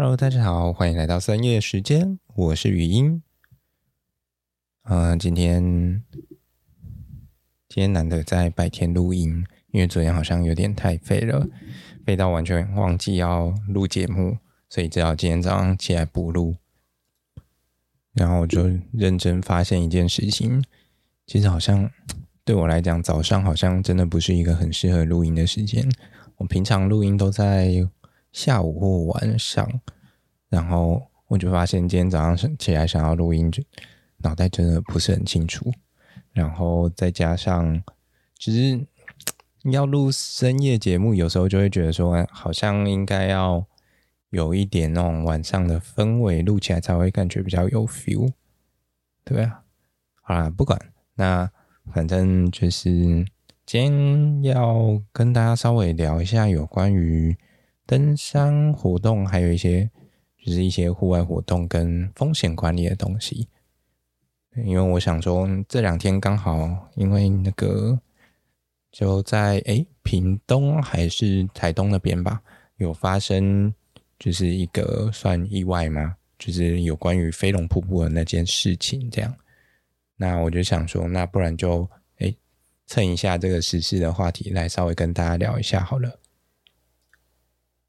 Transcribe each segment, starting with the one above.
Hello，大家好，歡迎來到森夜時間，我是語音。嗯、呃，今天今天難得在白天錄音，因為昨天好像有點太廢了，廢到完全忘記要錄節目，所以只好今天早上起來補錄。然後我就認真發現一件事情，其實好像對我來講，早上好像真的不是一個很適合錄音的時間。我平常錄音都在，下午或晚上，然後我就發現今天早上起來想要錄音，就腦袋真的不是很清楚。然後再加上，其實要錄深夜節目，有時候就會覺得說，好像應該要有一點那種晚上的氛圍，錄起來才會感覺比較有 feel。對啊，好啦，不管那反正就是今天要跟大家稍微聊一下有關於。登山活動還有一些，就是一些戶外活動跟風險管理的東西，因為我想說這兩天剛好因為那個就在哎、欸、屏東還是台東那邊吧，有發生就是一個算意外嘛，就是有關於飛龍瀑布的那件事情這樣。那我就想說，那不然就哎、欸、蹭一下這個時事的話題來稍微跟大家聊一下好了。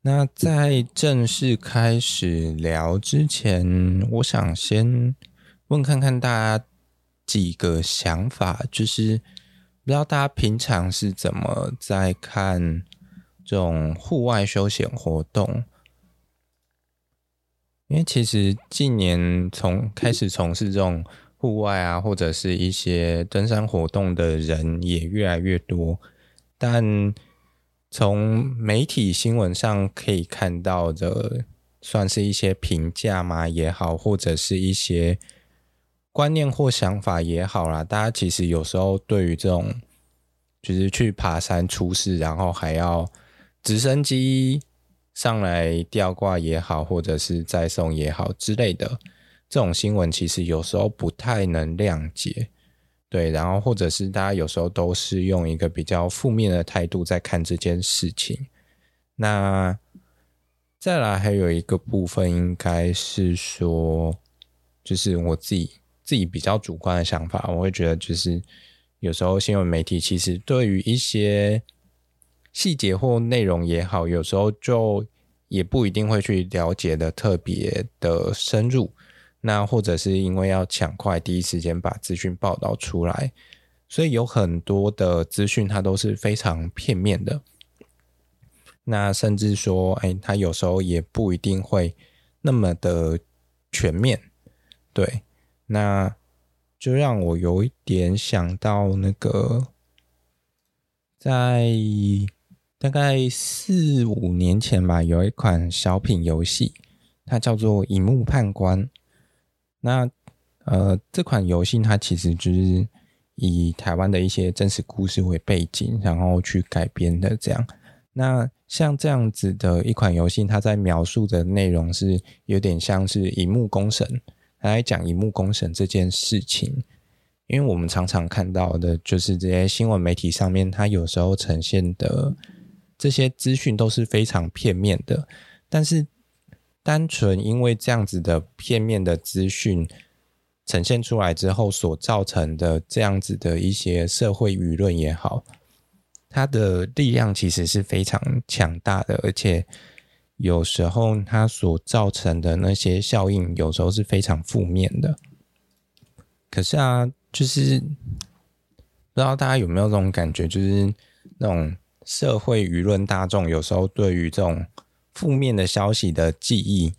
那在正式開始聊之前，我想先問看看大家幾個想法，就是不知道大家平常是怎麼在看這種戶外休閒活動？因為其實近年從開始從事這種戶外啊，或者是一些登山活動的人也越來越多，但，從媒體新聞上可以看到的，算是一些評價嘛，也好，或者是一些觀念或想法也好啦。大家其實有時候對於這種，就是去爬山出事，然後還要直升機上來吊掛也好，或者是載送也好之類的這種新聞，其實有時候不太能諒解。對，然後或者是大家有時候都是用一個比較負面的態度在看這件事情。那再來還有一個部分，應該是說，就是我自己自己比較主觀的想法，我會覺得就是有時候新聞媒體其實對於一些細節或內容也好，有時候就也不一定會去了解得特別的深入。那或者是因為要搶快第一時間把資訊報道出來，所以有很多的資訊它都是非常片面的。那甚至說，哎、欸，它有時候也不一定會那麼的全面。對，那就讓我有一點想到那個，在大概四五年前吧，有一款小品遊戲，它叫做《螢幕判官》。那呃，這款遊戲它其實就是以台灣的一些真實故事為背景，然後去改編的這樣。那像這樣子的一款遊戲，它在描述的內容是有點像是螢幕判官，它在講螢幕判官這件事情，因為我們常常看到的就是這些新聞媒體上面，它有時候呈現的這些資訊都是非常片面的，但是。單純因為這樣子的片面的資訊呈現出來之後，所造成的這樣子的一些社會輿論也好，它的力量其實是非常強大的，而且有時候它所造成的那些效應，有時候是非常負面的。可是啊，就是不知道大家有沒有這種感覺，就是那種社會輿論大眾有時候對於這種。負面的消息的記憶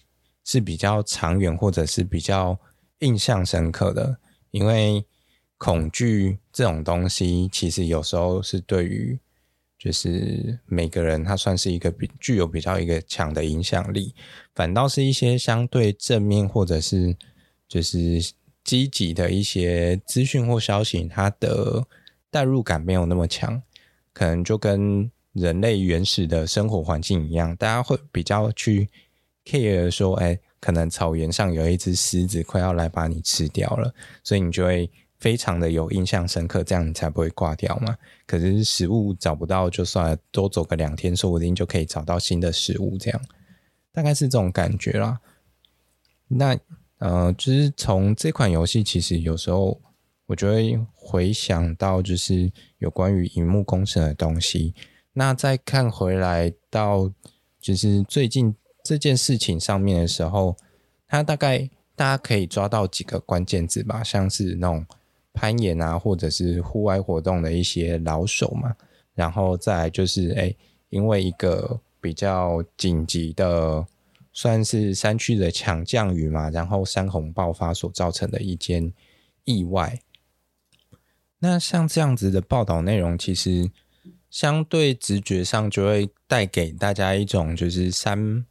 是比較長遠，或者是比較印象深刻的，因為恐懼這種東西，其實有時候是對於就是每個人他算是一個比具有比較一個強的影響力，反倒是一些相對正面或者是就是積極的一些資訊或消息，它的代入感沒有那麼強，可能就跟。人類原始的生活環境一樣，大家會比較去 care 說，哎、欸，可能草原上有一隻獅子快要來把你吃掉了，所以你就會非常的有印象深刻，這樣你才不會掛掉嘛。可是食物找不到，就算了，多走個兩天說不定就可以找到新的食物，這樣大概是這種感覺啦。那呃，就是從這款遊戲，其實有時候我就會回想到就是有關於螢幕工程的東西。那再看回來到，就是最近這件事情上面的時候，他大概大家可以抓到幾個關鍵字吧，像是那種攀岩啊，或者是戶外活動的一些老手嘛，然後再來就是，哎、欸，因為一個比較緊急的，算是山區的強降雨嘛，然後山洪爆發所造成的一件意外。那像這樣子的報道內容，其實。相對直覺上就會帶給大家一種就是山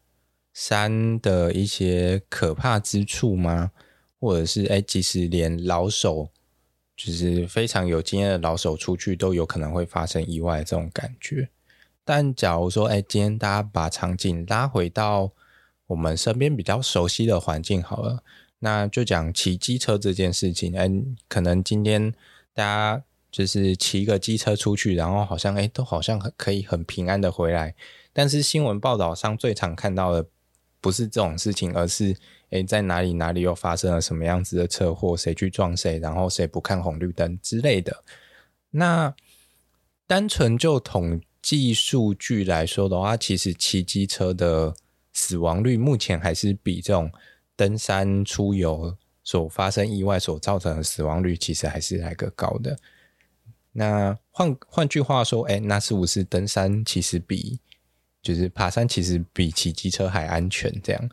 山的一些可怕之處嗎？或者是哎，其實連老手，就是非常有經驗的老手出去都有可能會發生意外的這種感覺。但假如說哎、欸，今天大家把場景拉回到我們身邊比較熟悉的環境好了，那就講騎機車這件事情。哎、欸，可能今天大家就是騎個機車出去，然後好像哎、欸，都好像很可以很平安的回來。但是新聞報道上最常看到的不是這種事情，而是哎、欸，在哪裡哪裡又發生了什麼樣子的車禍，誰去撞誰，然後誰不看紅綠燈之類的。那單純就統計數據來說的話，其實騎機車的死亡率目前還是比這種登山出遊所發生意外所造成的死亡率，其實還是來個高的。那換換句話說，哎、欸，那是不是登山其實比，就是爬山其實比騎機車還安全這樣？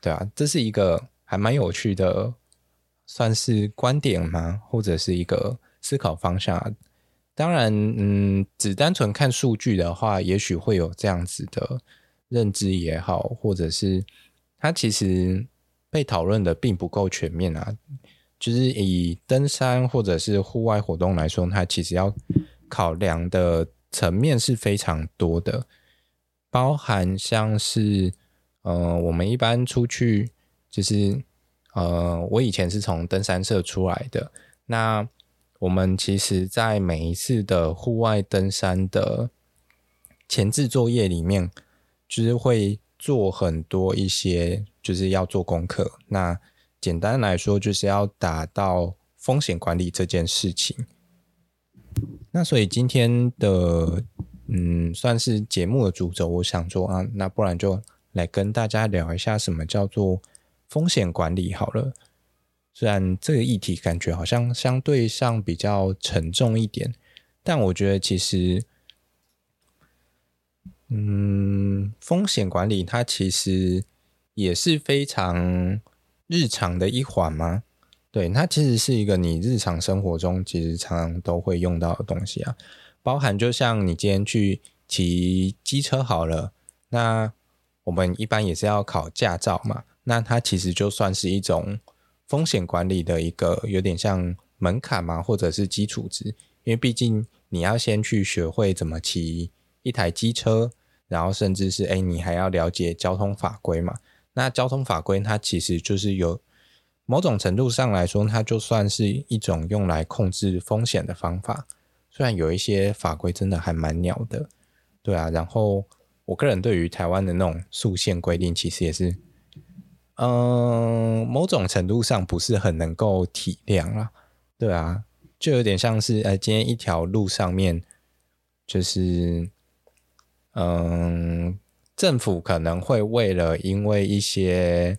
對啊，這是一個還蠻有趣的，算是觀點嗎？或者是一個思考方向啊？當然，嗯，只單純看數據的話，也許會有這樣子的認知也好，或者是它其實被討論的並不夠全面啊。就是以登山或者是戶外活動來說，它其實要考量的層面是非常多的，包含像是，呃，我們一般出去，就是，呃，我以前是從登山社出來的，那我們其實在每一次的戶外登山的前置作業裡面，就是會做很多一些，就是要做功課，那。簡單來說，就是要達到風險管理這件事情。那所以今天的嗯，算是節目的主軸，我想說啊，那不然就來跟大家聊一下什麼叫做風險管理好了。雖然這個議題感覺好像相對上比較沉重一點，但我覺得其實，嗯，風險管理它其實也是非常。日常的一環嗎？對，它其實是一個你日常生活中其實常常都會用到的東西啊，包含就像你今天去騎機車好了，那我們一般也是要考駕照嘛，那它其實就算是一種風險管理的一個有點像門檻嘛，或者是基礎值，因為畢竟你要先去學會怎麼騎一台機車，然後甚至是哎，你還要了解交通法規嘛。那交通法規，它其實就是有某種程度上來說，它就算是一種用來控制風險的方法。雖然有一些法規真的還蠻鳥的，對啊。然後我個人對於台灣的那種速限規定，其實也是，嗯，某種程度上不是很能夠體諒啊。對啊，就有點像是，呃，今天一條路上面就是，嗯。政府可能會為了因為一些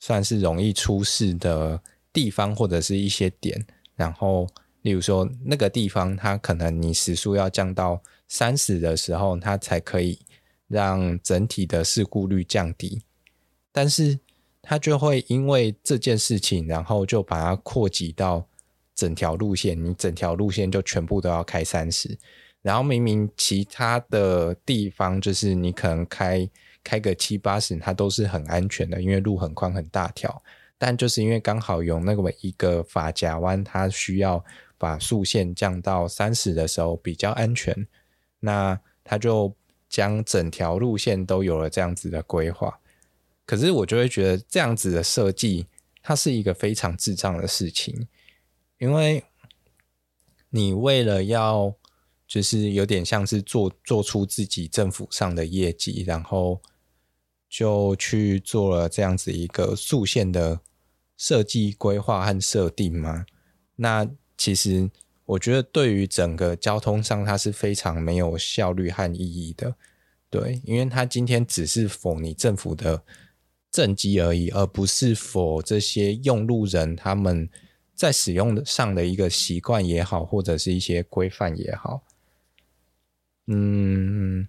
算是容易出事的地方或者是一些點，然後例如說那個地方它可能你時速要降到三十的時候，它才可以讓整體的事故率降低，但是它就會因為這件事情，然後就把它擴及到整條路線，你整條路線就全部都要開三十。然後明明其他的地方，就是你可能開開個七八十，它都是很安全的，因為路很寬很大條。但就是因為剛好有那個一個髮夾彎，它需要把速限降到三十的時候比較安全，那它就將整條路線都有了這樣子的規劃。可是我就會覺得這樣子的設計，它是一個非常智障的事情，因為你為了要就是有點像是做做出自己政府上的業績，然後就去做了這樣子一個豎線的設計、規劃和設定嘛。那其實我覺得，對於整個交通上，它是非常沒有效率和意義的。對，因為它今天只是 for 你政府的政績而已，而不是 for 這些用路人他們在使用上的一個習慣也好，或者是一些規範也好。嗯，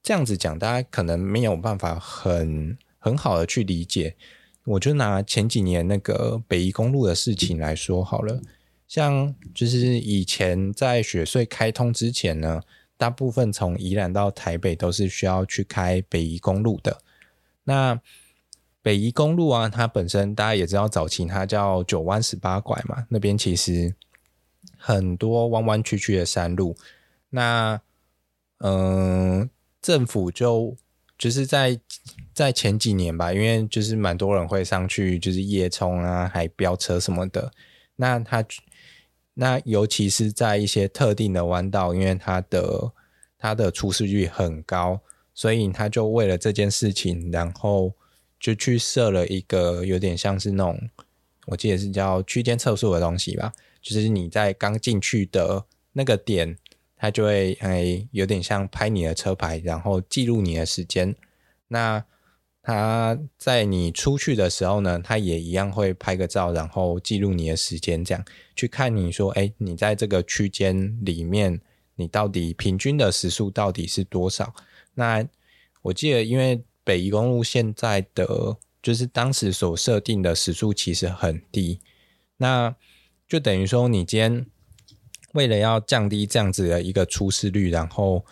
這樣子講，大家可能沒有辦法很很好的去理解。我就拿前幾年那個北宜公路的事情來說好了。像就是以前在雪隧開通之前呢，大部分從宜蘭到台北都是需要去開北宜公路的。那北宜公路啊，它本身大家也知道，早期它叫九彎十八拐嘛，那邊其實很多彎彎曲曲的山路。那嗯，政府就就是在在前幾年吧，因為就是蠻多人會上去，就是夜衝啊，還飆車什麼的。那他那尤其是在一些特定的彎道，因為他的他的出事率很高，所以他就為了這件事情，然後就去設了一個有點像是那種，我記得是叫區間測速的東西吧，就是你在剛進去的那個點。它就會哎，有點像拍你的車牌，然後記錄你的時間。那它在你出去的時候呢，它也一樣會拍個照，然後記錄你的時間，這樣去看你說，哎，你在這個區間裡面，你到底平均的時速到底是多少？那我記得，因為北宜公路現在的就是當時所設定的時速其實很低，那就等於說你今天。為了要降低這樣子的一個出事率，然後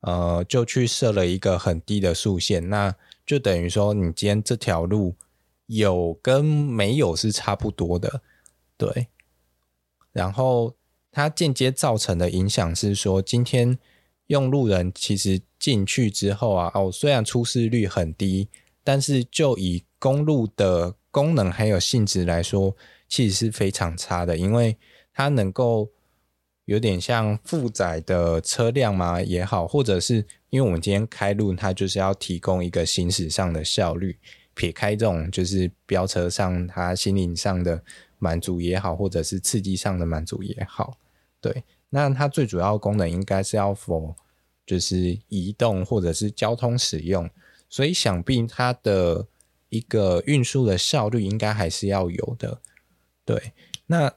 呃，就去設了一個很低的速限，那就等於說你今天這條路有跟沒有是差不多的，對。然後它間接造成的影響是說，今天用路人其實進去之後啊，哦，雖然出事率很低，但是就以公路的功能還有性質來說，其實是非常差的，因為它能夠。有點像負載的車輛嘛也好，或者是因為我們今天開路，它就是要提供一個行駛上的效率，撇開這種就是飆車上它心靈上的滿足也好，或者是刺激上的滿足也好，對，那它最主要的功能應該是要 for 就是移動或者是交通使用，所以想必它的一個運輸的效率應該還是要有的，對，那。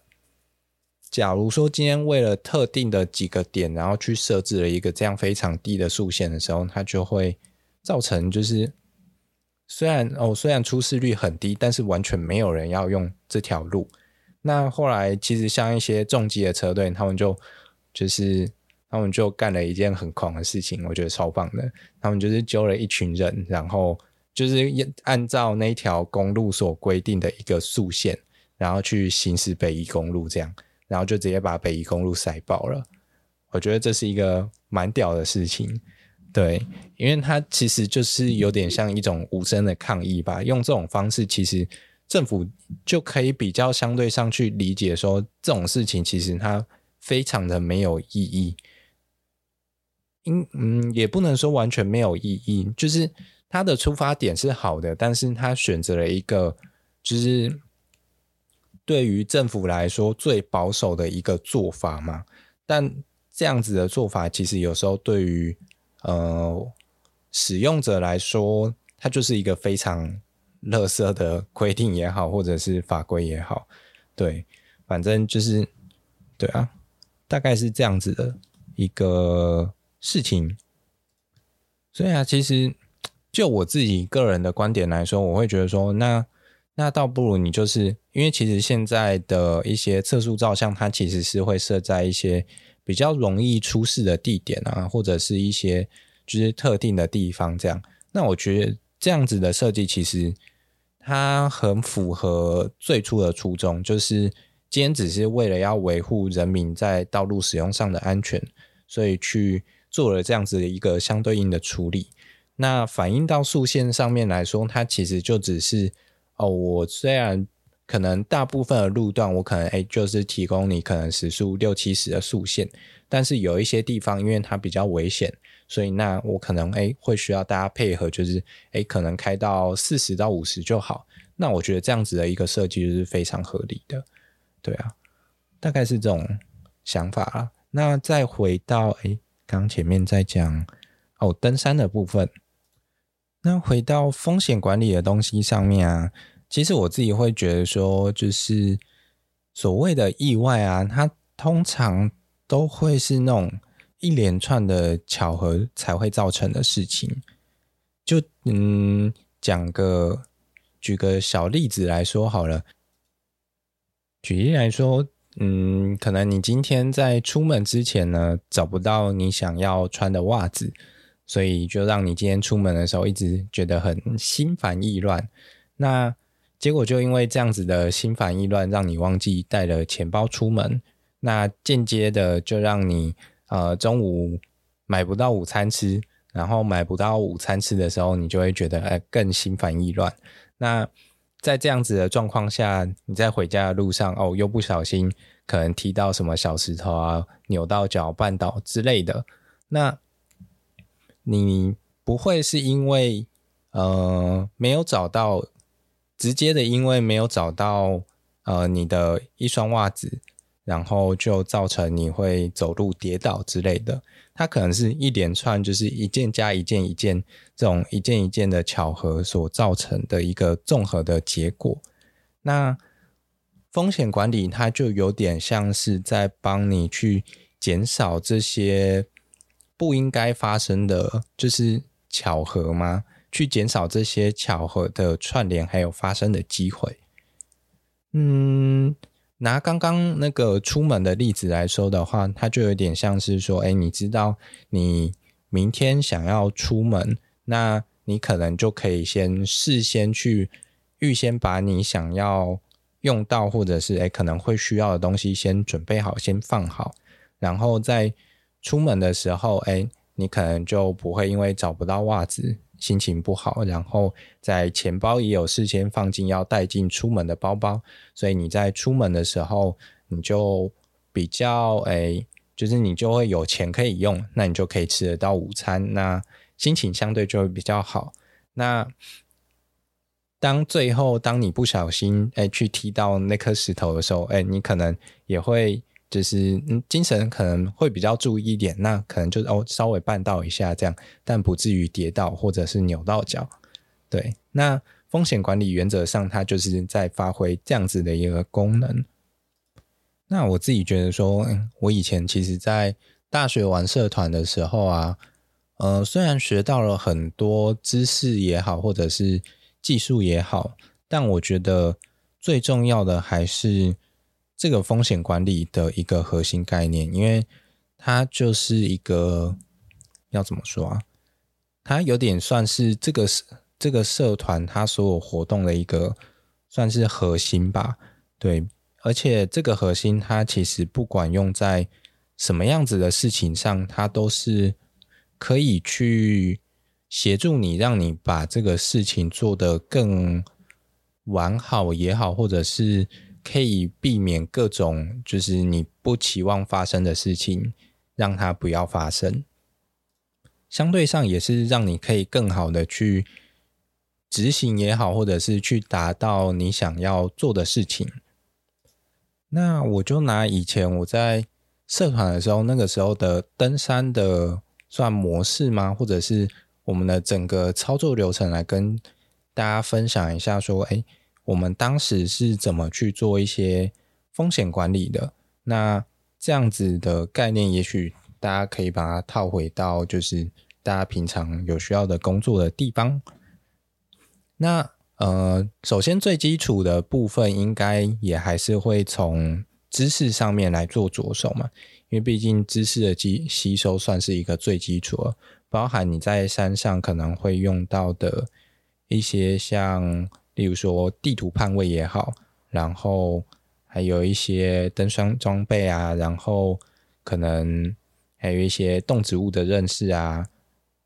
假如說今天為了特定的幾個點，然後去設置了一個這樣非常低的速限的時候，它就會造成就是雖然哦雖然出事率很低，但是完全沒有人要用這條路。那後來其實像一些重機的車隊，他們就就是他們就幹了一件很狂的事情，我覺得超棒的。他們就是揪了一群人，然後就是按照那條公路所規定的一個速限，然後去行駛北宜公路這樣。然後就直接把北宜公路塞爆了，我覺得這是一個蠻屌的事情，對，因為它其實就是有點像一種無聲的抗議吧，用這種方式，其實政府就可以比較相對上去理解說這種事情其實它非常的沒有意義，因嗯也不能說完全沒有意義，就是它的出發點是好的，但是他選擇了一個就是。對於政府來說，最保守的一個做法嘛，但這樣子的做法，其實有時候對於呃使用者來說，它就是一個非常垃圾的規定也好，或者是法規也好，對，反正就是對啊，大概是這樣子的一個事情。所以啊，其實就我自己個人的觀點來說，我會覺得說那。那倒不如你就是因為，其實現在的一些測速照相，它其實是會設在一些比較容易出事的地點啊，或者是一些就是特定的地方這樣。那我覺得這樣子的設計其實它很符合最初的初衷，就是今天只是為了要維護人民在道路使用上的安全，所以去做了這樣子的一個相對應的處理。那反映到速限上面來說，它其實就只是。哦，我雖然可能大部分的路段，我可能哎就是提供你可能時速六七十的速限，但是有一些地方因為它比較危險，所以那我可能哎會需要大家配合，就是哎可能開到四十到五十就好。那我覺得這樣子的一個設計就是非常合理的，對啊，大概是這種想法啦，啊。那再回到哎，剛剛前面在講哦登山的部分。那回到風險管理的東西上面啊，其實我自己會覺得說，就是所謂的意外啊，它通常都會是那種一連串的巧合才會造成的事情。就嗯，講個舉個小例子來說好了，舉例來說，嗯，可能你今天在出門之前呢，找不到你想要穿的襪子。所以就讓你今天出門的時候一直覺得很心煩意亂，那結果就因為這樣子的心煩意亂，讓你忘記帶了錢包出門，那間接的就讓你呃中午買不到午餐吃，然後買不到午餐吃的時候，你就會覺得哎、呃、更心煩意亂。那在這樣子的狀況下，你在回家的路上哦，又不小心可能踢到什麼小石頭啊，扭到腳絆倒之類的，那。你不會是因為呃沒有找到直接的，因為沒有找到呃你的一雙襪子，然後就造成你會走路跌倒之類的。它可能是一連串，就是一件加一件一件這種一件一件的巧合所造成的一個綜合的結果。那風險管理，它就有點像是在幫你去減少這些。不應該發生的，就是巧合嗎？去減少這些巧合的串聯還有發生的機會。嗯，拿剛剛那個出門的例子來說的話，它就有點像是說，哎，你知道你明天想要出門，那你可能就可以先事先去預先把你想要用到或者是誒可能會需要的東西先準備好，先放好，然後再出門的時候，欸，你可能就不會因為找不到襪子，心情不好，然後在錢包也有事先放進要帶進出門的包包，所以你在出門的時候，你就比較，欸，就是你就會有錢可以用，那你就可以吃得到午餐，那心情相對就會比較好。那當最後當你不小心，欸，去踢到那顆石頭的時候，欸，你可能也會。就是嗯，精神可能會比較注意一點，那可能就哦稍微絆倒一下這樣，但不至於跌倒或者是扭到腳。對，那風險管理原則上它就是在發揮這樣子的一個功能。那我自己覺得說，嗯，我以前其實在大學玩社團的時候啊，呃，雖然學到了很多知識也好，或者是技術也好，但我覺得最重要的還是。這個風險管理的一個核心概念，因為它就是一個要怎麼說啊？它有點算是這個社這個社團它所有活動的一個算是核心吧，對。而且這個核心它其實不管用在什麼樣子的事情上，它都是可以去協助你，讓你把這個事情做得更完好也好，或者是。可以避免各種就是你不期望發生的事情，讓它不要發生。相對上也是讓你可以更好的去執行也好，或者是去達到你想要做的事情。那我就拿以前我在社團的時候，那個時候的登山的算模式嗎？或者是我們的整個操作流程來跟大家分享一下說，說誒。我們當時是怎麼去做一些風險管理的？那這樣子的概念，也許大家可以把它套回到，就是大家平常有需要的工作的地方。那呃，首先最基礎的部分，應該也還是會從知識上面來做着手嘛，因為畢竟知識的吸吸收算是一個最基礎了，包含你在山上可能會用到的一些像。例如說地圖判位也好，然後還有一些登山裝備啊，然後可能還有一些動植物的認識啊，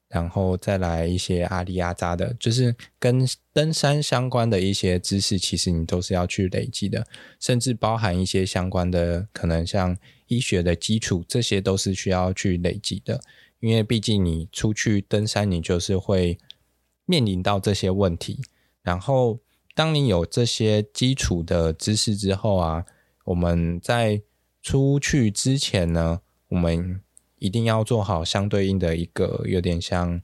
然後再來一些阿里阿扎的，就是跟登山相關的一些知識，其實你都是要去累積的，甚至包含一些相關的可能像醫學的基礎，這些都是需要去累積的，因為畢竟你出去登山，你就是會面臨到這些問題，然後。當你有這些基礎的知識之後啊，我們在出去之前呢，我們一定要做好相對應的一個有點像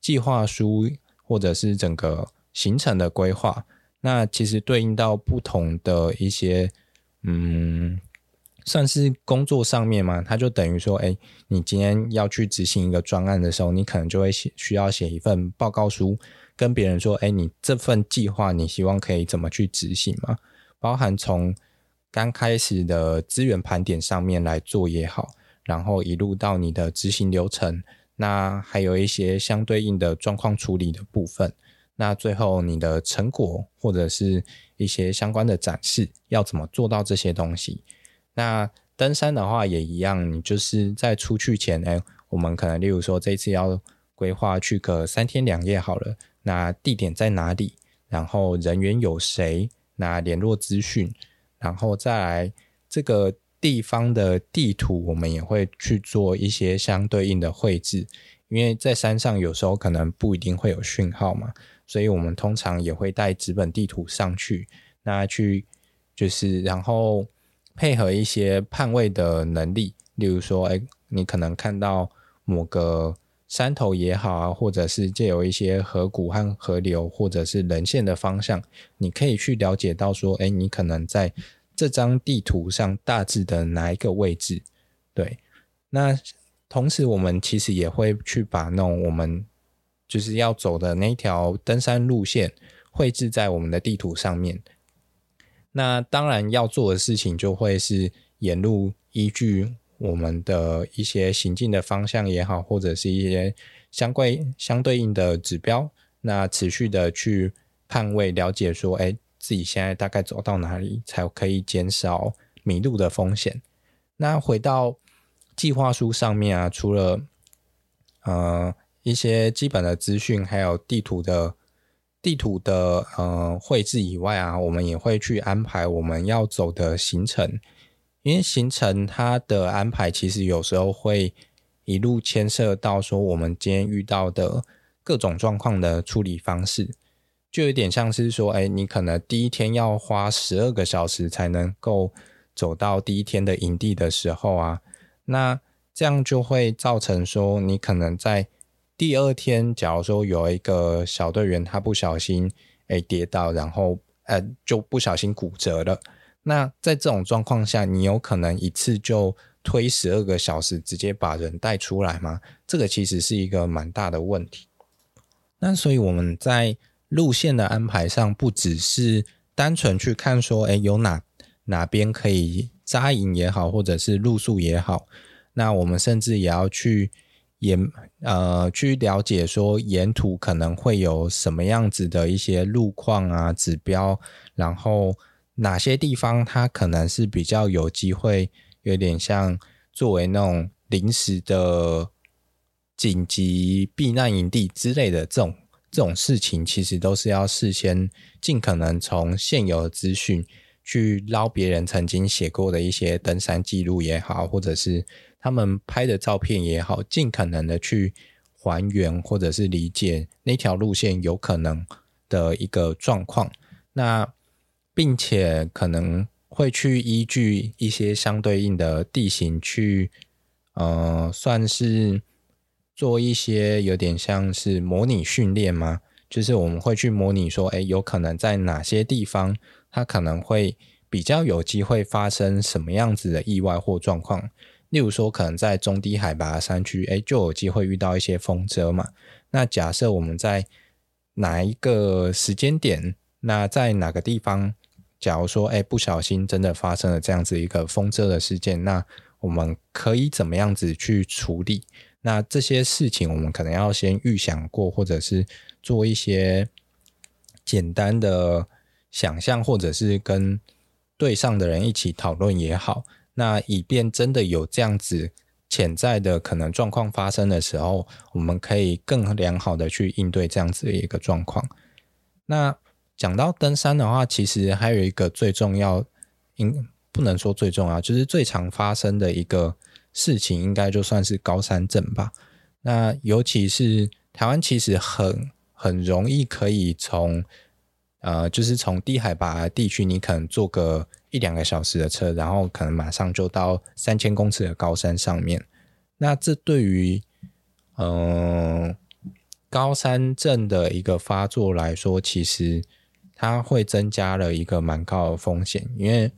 計劃書或者是整個行程的規劃。那其實對應到不同的一些，嗯，算是工作上面嘛，它就等於說，誒，你今天要去執行一個專案的時候，你可能就會寫需要寫一份報告書。跟別人說，欸，你這份計劃，你希望可以怎麼去執行嗎？包含從剛開始的資源盤點上面來做也好，然後一路到你的執行流程，那還有一些相對應的狀況處理的部分，那最後你的成果或者是一些相關的展示，要怎麼做到這些東西？那登山的話也一樣，你就是在出去前，欸，我們可能例如說這次要規劃去個三天兩夜好了。那地點在哪裡？然後人員有誰？那聯絡資訊，然後再來這個地方的地圖，我們也會去做一些相對應的繪製。因為在山上有時候可能不一定會有訊號嘛，所以我們通常也會帶紙本地圖上去。那去就是，然後配合一些判位的能力，例如說，哎，你可能看到某個。山頭也好啊，或者是借由一些河谷和河流，或者是稜線的方向，你可以去了解到說，誒，你可能在這張地圖上大致的哪一個位置。對，那同時我們其實也會去把那種我們就是要走的那條登山路線繪製在我們的地圖上面。那當然要做的事情就會是沿路依據。我們的一些行進的方向也好，或者是一些相關相對應的指標，那持續的去判位了解說，哎、欸，自己現在大概走到哪裡，才可以減少迷路的風險。那回到計劃書上面啊，除了呃一些基本的資訊，還有地圖的地圖的呃繪制以外啊，我們也會去安排我們要走的行程。因為行程它的安排，其實有時候會一路牽涉到說，我們今天遇到的各種狀況的處理方式，就有點像是說，哎，你可能第一天要花十二個小時才能夠走到第一天的營地的時候啊，那這樣就會造成說，你可能在第二天，假如說有一個小隊員他不小心，哎，跌倒，然後呃，就不小心骨折了。那在這種狀況下，你有可能一次就推十二個小時，直接把人帶出來嗎？這個其實是一個蠻大的問題。那所以我們在路線的安排上，不只是單純去看說，誒、欸，有哪哪邊可以紮營也好，或者是露宿也好，那我們甚至也要去沿呃去了解說，沿途可能會有什麼樣子的一些路況啊、指標，然後。哪些地方它可能是比較有機會，有點像作為那種臨時的緊急避難營地之類的這種這種事情，其實都是要事先盡可能從現有的資訊去撈別人曾經寫過的一些登山記錄也好，或者是他們拍的照片也好，盡可能的去還原或者是理解那條路線有可能的一個狀況。那並且可能會去依據一些相對應的地形去，呃，算是做一些有點像是模擬訓練嗎？就是我們會去模擬說，哎、欸，有可能在哪些地方，它可能會比較有機會發生什麼樣子的意外或狀況？例如說，可能在中低海拔山區，哎、欸，就有機會遇到一些風車嘛。那假設我們在哪一個時間點，那在哪個地方？假如說，哎、欸，不小心真的發生了這樣子一個風險的事件，那我們可以怎麼樣子去處理？那這些事情我們可能要先預想過，或者是做一些簡單的想象，或者是跟對上的人一起討論也好。那以便真的有這樣子潛在的可能狀況發生的時候，我們可以更良好的去應對這樣子的一個狀況。那。講到登山的話，其實還有一個最重要，應不能說最重要，就是最常發生的一個事情，應該就算是高山症吧。那尤其是台灣，其實很很容易可以從，呃，就是從低海拔地區，你可能坐個一兩個小時的車，然後可能馬上就到三千公尺的高山上面。那這對於，嗯，呃，高山症的一個發作來說，其實。它會增加了一個蠻高的風險，因為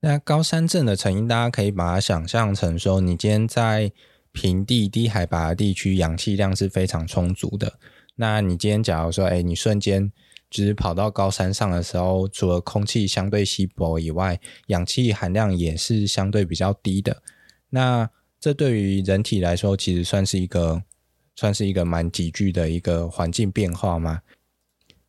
那高山症的成因，大家可以把它想象成說，你今天在平地低海拔的地區，氧氣量是非常充足的。那你今天假如說，誒、哎，你瞬間就是跑到高山上的時候，除了空氣相對稀薄以外，氧氣含量也是相對比較低的。那這對於人體來說，其實算是一個算是一個蠻急劇的一個環境變化嘛。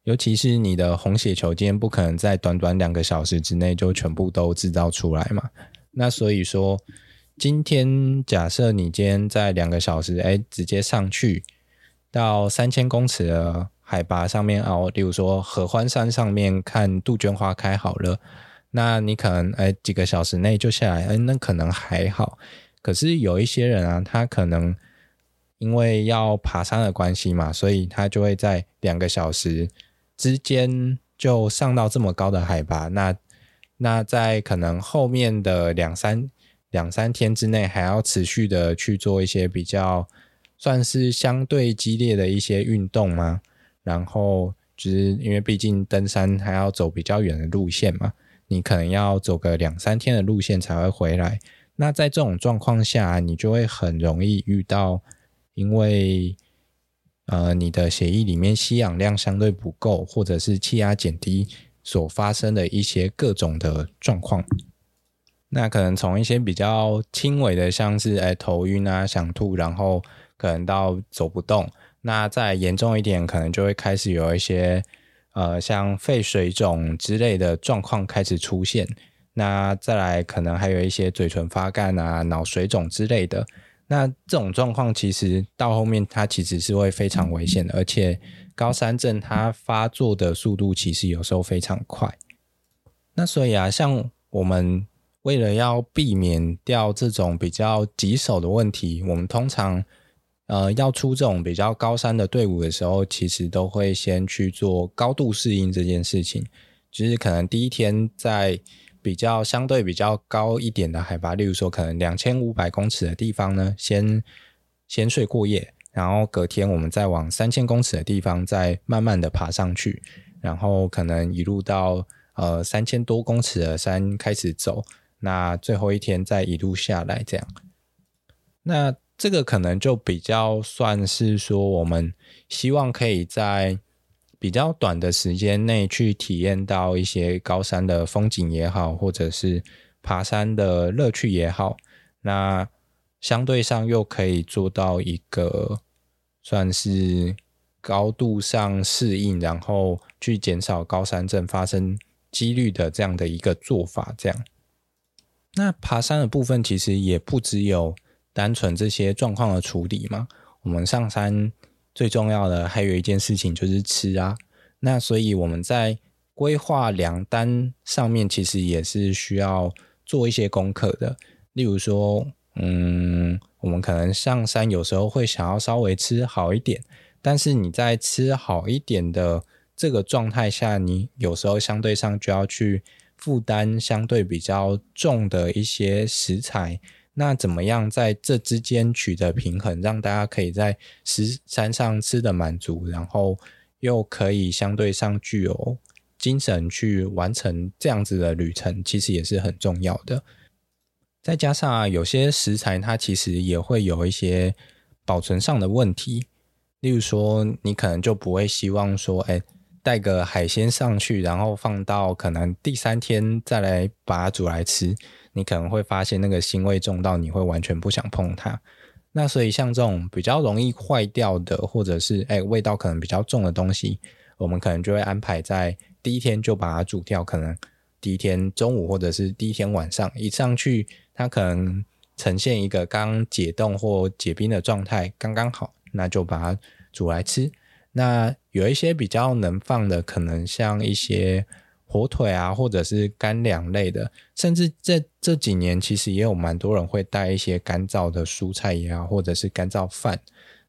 尤其是你的紅血球，今天不可能在短短兩個小時之內就全部都製造出來嘛。那所以說，今天假設你今天在兩個小時，哎、欸，直接上去到三千公尺的海拔上面，例如說合歡山上面看杜鵑花開好了，那你可能哎、欸、幾個小時內就下來，哎、欸，那可能還好。可是有一些人啊，他可能因為要爬山的關係嘛，所以他就會在兩個小時。之間就上到這麼高的海拔，那那在可能後面的兩三兩三天之內，還要持續的去做一些比較算是相對激烈的一些運動嘛。然後就是因為畢竟登山還要走比較遠的路線嘛，你可能要走個兩三天的路線才會回來。那在這種狀況下啊，你就會很容易遇到因為。呃，你的血液裡面吸氧量相對不夠，或者是氣壓減低所發生的一些各種的狀況。那可能從一些比較輕微的，像是哎頭暈啊、想吐，然後可能到走不動。那再嚴重一點，可能就會開始有一些呃，像肺水腫之類的狀況開始出現。那再來，可能還有一些嘴唇發乾啊、腦水腫之類的。那這種狀況其實到後面，它其實是會非常危險的，而且高山症它發作的速度其實有時候非常快。那所以啊，像我們為了要避免掉這種比較棘手的問題，我們通常呃要出這種比較高山的隊伍的時候，其實都會先去做高度適應這件事情，就是可能第一天在。比較相對比較高一點的海拔，例如說可能兩千五百公尺的地方呢，先先睡過夜，然後隔天我們再往三千公尺的地方，再慢慢的爬上去，然後可能一路到呃三千多公尺的山開始走，那最後一天再一路下來這樣。那這個可能就比較算是說，我們希望可以在。比較短的時間內去體驗到一些高山的風景也好，或者是爬山的樂趣也好，那相對上又可以做到一個算是高度上適應，然後去減少高山症發生機率的這樣的一個做法。這樣，那爬山的部分其實也不只有單純這些狀況的處理嘛，我們上山。最重要的還有一件事情就是吃啊，那所以我們在規劃糧單上面，其實也是需要做一些功課的。例如說，嗯，我們可能上山有時候會想要稍微吃好一點，但是你在吃好一點的這個狀態下，你有時候相對上就要去負擔相對比較重的一些食材。那怎麼樣在這之間取得平衡，讓大家可以在食山上吃得滿足，然後又可以相對上具有精神去完成這樣子的旅程，其實也是很重要的。再加上、啊、有些食材，它其實也會有一些保存上的問題，例如說，你可能就不會希望說，哎、欸，帶個海鮮上去，然後放到可能第三天再來把它煮來吃。你可能會發現那個腥味重到你會完全不想碰它。那所以像這種比較容易壞掉的，或者是誒、哎、味道可能比較重的東西，我們可能就會安排在第一天就把它煮掉。可能第一天中午或者是第一天晚上一上去，它可能呈現一個剛解凍或解冰的狀態，剛剛好，那就把它煮來吃。那有一些比較能放的，可能像一些。火腿啊，或者是乾糧類的，甚至這這幾年，其實也有蠻多人會帶一些乾燥的蔬菜也好，或者是乾燥飯。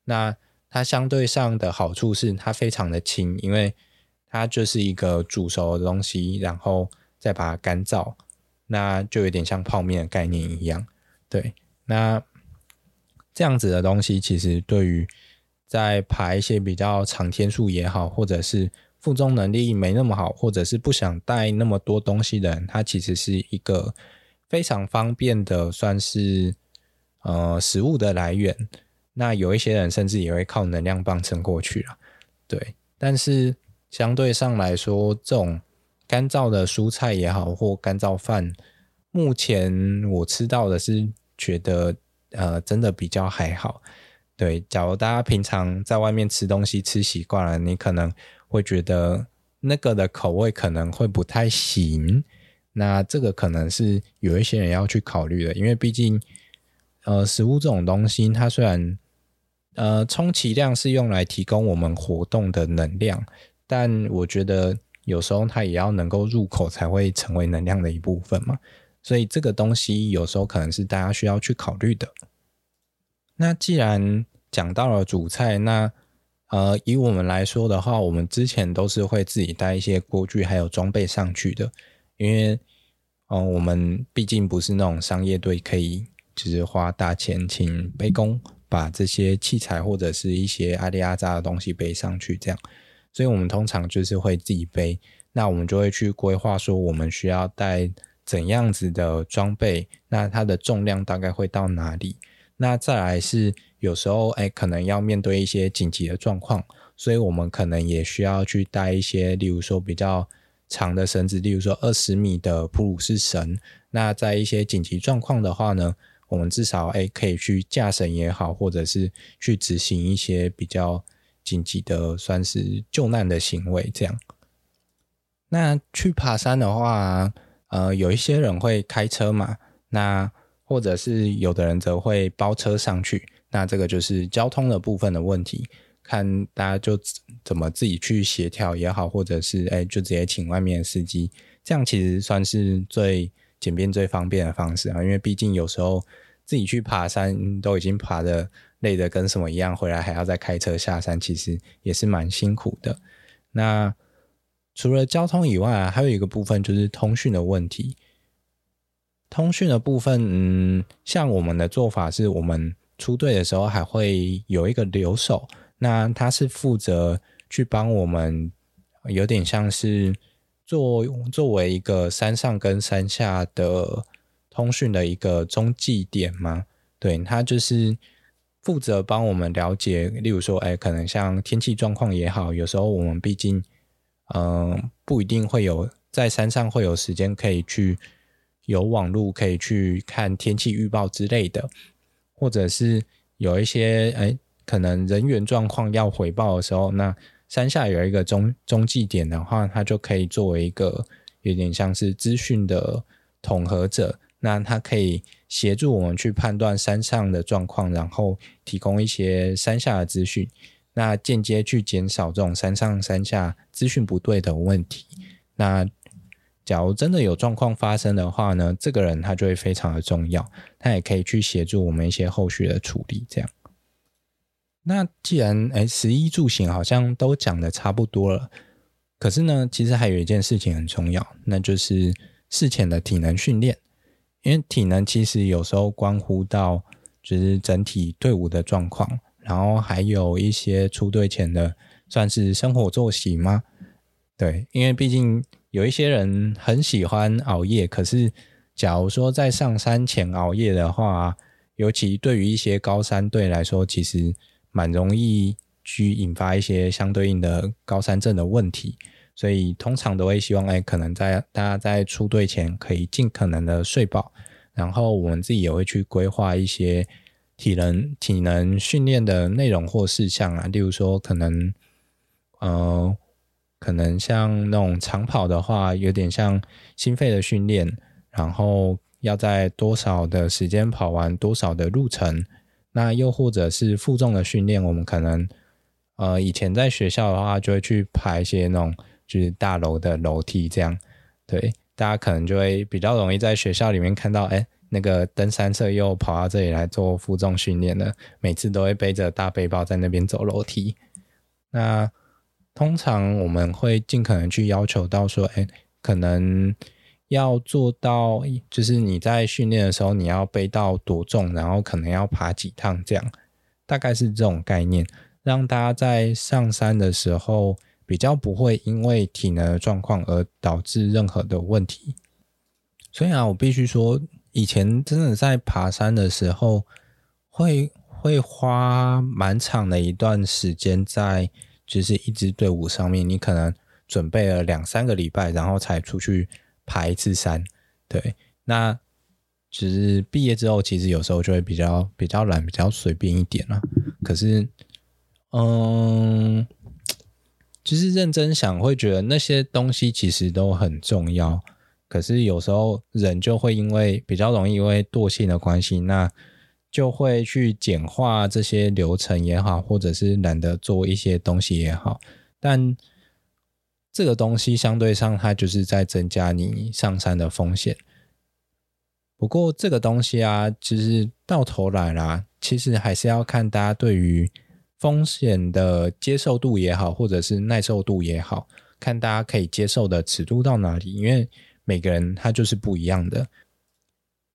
那它相對上的好處是，它非常的輕，因為它就是一個煮熟的東西，然後再把它乾燥，那就有點像泡麵的概念一樣。對，那這樣子的東西，其實對於在爬一些比較長天數也好，或者是負重能力沒那麼好，或者是不想帶那麼多東西的人，它其實是一個非常方便的，算是呃食物的來源。那有一些人甚至也會靠能量棒撐過去了。對，但是相對上來說，這種乾燥的蔬菜也好，或乾燥飯，目前我吃到的是覺得呃真的比較還好。對，假如大家平常在外面吃東西吃習慣了，你可能，會覺得那個的口味可能會不太行，那這個可能是有一些人要去考慮的，因為畢竟，呃，食物這種東西，它雖然，呃，充其量是用來提供我們活動的能量，但我覺得有時候它也要能夠入口才會成為能量的一部分嘛，所以這個東西有時候可能是大家需要去考慮的。那既然講到了主菜，那呃，以我們來說的話，我們之前都是會自己帶一些鍋具還有裝備上去的，因為，嗯、呃，我們畢竟不是那種商業隊，可以就是花大錢請背工把這些器材或者是一些阿里阿扎的東西背上去這樣，所以我們通常就是會自己背。那我們就會去規劃說，我們需要帶怎樣子的裝備，那它的重量大概會到哪裡？那再來是有時候哎、欸，可能要面對一些緊急的狀況，所以我們可能也需要去帶一些，例如說比較長的繩子，例如說二十米的普魯士繩。那在一些緊急狀況的話呢，我們至少哎、欸，可以去架繩也好，或者是去執行一些比較緊急的，算是救難的行為這樣。那去爬山的話啊，呃，有一些人會開車嘛，那。或者是有的人則會包車上去，那這個就是交通的部分的問題，看大家就怎麼自己去協調也好，或者是哎，欸，就直接請外面的司機，這樣其實算是最簡便最方便的方式啊，因為畢竟有時候自己去爬山都已經爬得累得跟什麼一樣，回來還要再開車下山，其實也是蠻辛苦的。那除了交通以外啊，還有一個部分就是通訊的問題。通訊的部分，嗯，像我們的做法是，我們出隊的時候還會有一個留守，那他是負責去幫我們，有點像是作作為一個山上跟山下的通訊的一個中繼點嘛。對，他就是負責幫我們了解，例如說，哎，可能像天氣狀況也好，有時候我們畢竟，嗯，不一定會有在山上會有時間可以去，有網路可以去看天氣預報之類的，或者是有一些、欸、可能人員狀況要回報的時候，那山下有一個中中繼點的話，它就可以作為一個有點像是資訊的統合者，那它可以協助我們去判斷山上的狀況，然後提供一些山下的資訊，那間接去減少這種山上山下資訊不對等問題，那。假如真的有狀況發生的話呢，這個人他就會非常的重要，他也可以去協助我們一些後續的處理。這樣，那既然哎，食衣住行好像都講的差不多了，可是呢，其實還有一件事情很重要，那就是事前的體能訓練，因為體能其實有時候關乎到就是整體隊伍的狀況，然後還有一些出隊前的算是生活作息嗎？對，因為畢竟。有一些人很喜歡熬夜，可是假如說在上山前熬夜的話，尤其對於一些高山隊來說，其實蠻容易去引發一些相對應的高山症的問題。所以通常都會希望，哎，可能在大家在出隊前可以盡可能的睡飽，然後我們自己也會去規劃一些體能體能訓練的內容或事項啊，例如說可能，嗯、呃。可能像那種長跑的話，有點像心肺的訓練，然後要在多少的時間跑完多少的路程，那又或者是負重的訓練，我們可能呃以前在學校的話，就會去爬一些那種就是大樓的樓梯，這樣對。大家可能就會比較容易在學校裡面看到，哎，那個登山社又跑到這裡來做負重訓練了，每次都會背着大背包在那邊走樓梯，那。通常我們會盡可能去要求到說，哎、欸，可能要做到，就是你在訓練的時候，你要背到多重，然後可能要爬幾趟，這樣大概是這種概念，讓大家在上山的時候比較不會因為體能的狀況而導致任何的問題。所以啊，我必須說，以前真的在爬山的時候，會會花蠻長的一段時間在。就是一支隊伍上面，你可能準備了兩三個禮拜，然後才出去爬一次山。對，那只是畢業之後，其實有時候就會比較比較懶，比較隨便一點了。可是，嗯，其實認真想，會覺得那些東西其實都很重要。可是有時候人就會因為比較容易因為惰、惰性的關係，那。就會去簡化這些流程也好，或者是懶得做一些東西也好，但這個東西相對上它就是在增加你上山的風險。不過這個東西啊，其實到頭來啦，其實還是要看大家對於風險的接受度也好，或者是耐受度也好，看大家可以接受的尺度到哪裡，因為每個人他就是不一樣的。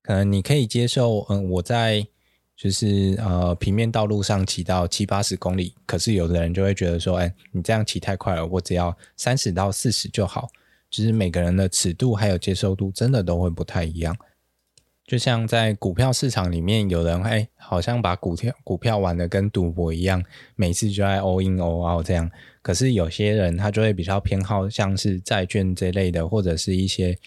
可能你可以接受，嗯，我在。就是呃，平面道路上騎到七八十公里，可是有的人就會覺得說，欸，你這樣騎太快了，我只要三十到四十就好。就是每個人的尺度還有接受度，真的都會不太一樣。就像在股票市場裡面，有人欸，好像把股票股票玩得跟賭博一樣，每次就愛 all in all out 這樣。可是有些人他就會比較偏好像是債券這類的，或者是一些。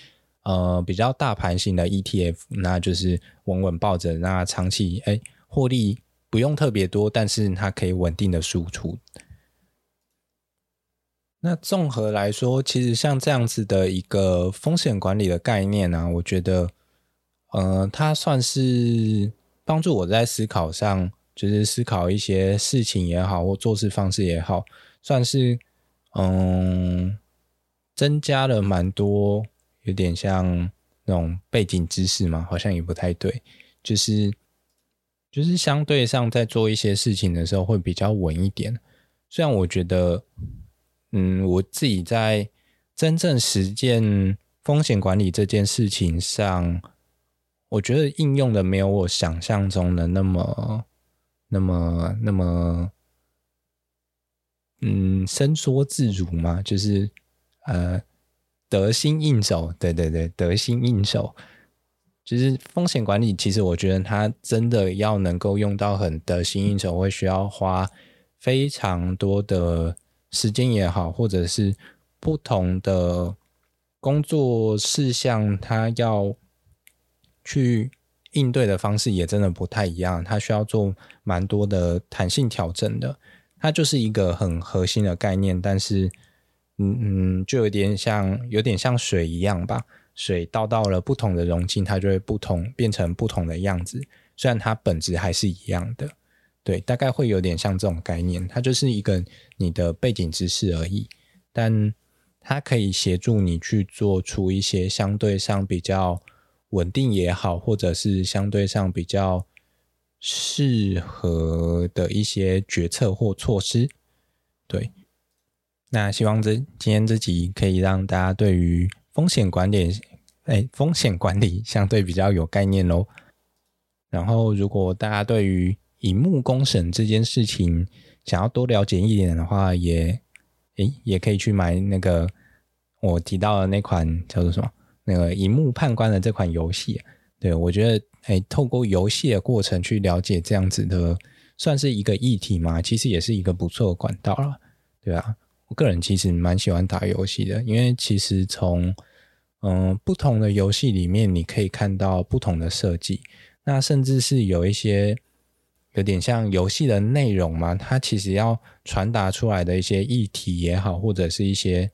呃，比較大盤型的 ETF，那就是穩穩抱着，那長期哎，獲利不用特別多，但是它可以穩定的輸出。那綜合來說，其實像這樣子的一個風險管理的概念呢、啊，我覺得，呃，它算是幫助我在思考上，就是思考一些事情也好，或做事方式也好，算是嗯、呃，增加了蠻多。有點像那種背景知識嘛，好像也不太對。就是就是相對上在做一些事情的時候會比較穩一點。雖然我覺得，嗯，我自己在真正實踐風險管理這件事情上，我覺得應用的沒有我想象中的那麼、那麼、那麼，嗯，伸縮自如嘛，就是呃。得心應手，對對對，得心應手。其實風險管理，其實我覺得它真的要能夠用到很得心應手，會需要花非常多的時間也好，或者是不同的工作事項，它要去應對的方式也真的不太一樣。它需要做蠻多的彈性調整的，它就是一個很核心的概念，但是。嗯嗯，就有點像，有點像水一樣吧。水倒到了不同的容器，它就會不同，變成不同的樣子。雖然它本質還是一樣的，對，大概會有點像這種概念。它就是一個你的背景知識而已，但它可以協助你去做出一些相對上比較穩定也好，或者是相對上比較適合的一些決策或措施，對。那希望這今天這集可以讓大家對於風險管理，哎、欸，風險管理相對比較有概念嘍。然後，如果大家對於螢幕公審這件事情想要多了解一點的話，也，哎、欸，也可以去買那個我提到的那款叫做什麼那個螢幕判官的這款遊戲。對，我覺得，哎、欸，透過遊戲的過程去了解這樣子的，算是一個議題嘛，其實也是一個不錯的管道了，對吧、啊？我個人其實蠻喜歡打遊戲的，因為其實從嗯、呃、不同的遊戲裡面，你可以看到不同的設計。那甚至是有一些有點像遊戲的內容嘛，它其實要傳達出來的一些議題也好，或者是一些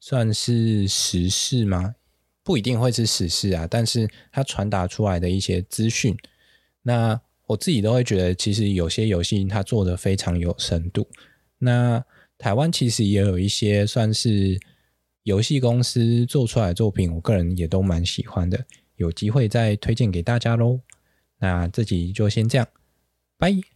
算是時事嗎？不一定會是時事啊，但是它傳達出來的一些資訊，那我自己都會覺得，其實有些遊戲它做得非常有深度。那台灣其實也有一些算是遊戲公司做出來的作品，我個人也都蠻喜歡的，有機會再推薦給大家嘍。那這集就先這樣，拜。